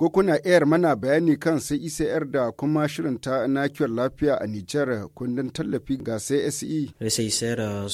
Ko kuna iyar mana bayani kan sai e CICR da kuma shirin ta na kiwon lafiya a Nijar kundin tallafi ga CSE? CICR e?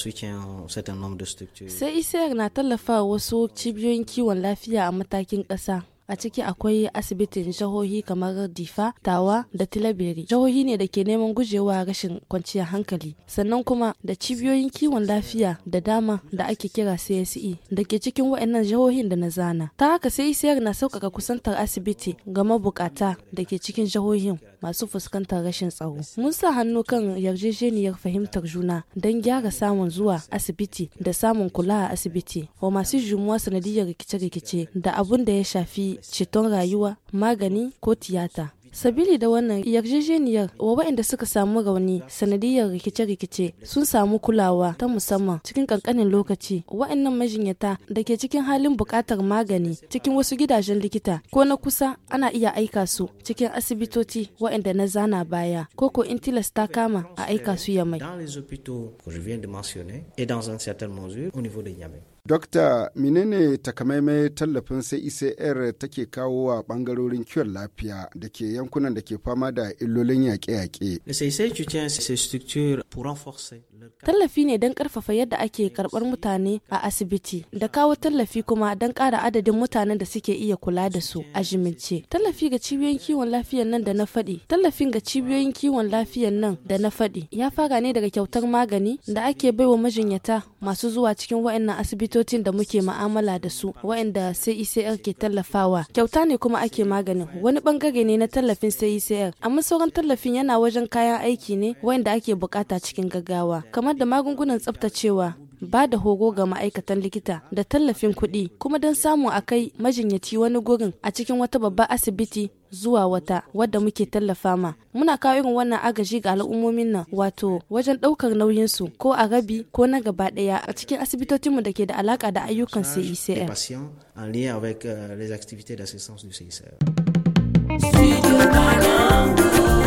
e euh, na tallafa wasu cibiyoyin kiwon lafiya a matakin ƙasa. a ciki akwai asibitin jihohi kamar difa tawa da tilaberi jihohi ne da ke neman gujewa rashin kwanciyar hankali sannan kuma da cibiyoyin kiwon lafiya da dama da ake kira cse da ke cikin wa'annan jihohin da na zana ta haka sai na sauƙaƙa kusantar asibiti ga mabukata da ke cikin jihohin masu fuskantar rashin tsaro. Mun sa hannu kan yarjejeniyar fahimtar juna don gyara samun zuwa asibiti da samun kula a asibiti wa masu jumuwa sanadiyar rikice-rikice da abun da ya shafi ceton rayuwa, magani ko tiyata. Sabili da wannan yarjejeniyar wa waɗanda suka samu rauni sanadiyar rikice-rikice sun samu kulawa ta musamman cikin ƙanƙanin lokaci. Waɗannan majinyata da ke cikin halin buƙatar magani cikin wasu gidajen likita ko na kusa ana iya aika su cikin asibitoci waɗanda na zana baya ko ko in tilasta kama a aika su yamai. Dokta menene takamaime tallafin sai ICR e take kawo wa bangarorin kiwon lafiya da ke yankunan da ke fama da illolin yaƙe-yaƙe. E tallafi ne don ƙarfafa yadda ake karɓar mutane a asibiti da kawo tallafi kuma don ƙara adadin mutanen da suke iya kula da su a jimince. Tallafi ga cibiyoyin kiwon lafiyan nan da na faɗi. Tallafin ga cibiyoyin kiwon lafiyan nan da na faɗi ya fara ne daga kyautar magani da ake baiwa majinyata masu zuwa cikin wa'annan asibiti likitocin da muke ma'amala da su waɗanda CICR e ke tallafawa. Kyauta ne kuma ake maganin wani bangare ne na tallafin CICR e amma sauran tallafin yana wajen kayan aiki ne waɗanda ake bukata cikin gaggawa kamar da magungunan tsaftacewa ba da hogo ga ma'aikatan likita da tallafin kuɗi kuma don samu a kai majinyaci wani gurin a cikin wata babbar asibiti zuwa wata wadda muke tallafa ma muna kawo irin wannan agaji ga al'ummomin nan wato wajen ɗaukar nauyinsu ko a rabi ko na gaba ɗaya a cikin asibitocinmu da ke da alaka da ayyukan CICR. Studio Banangu.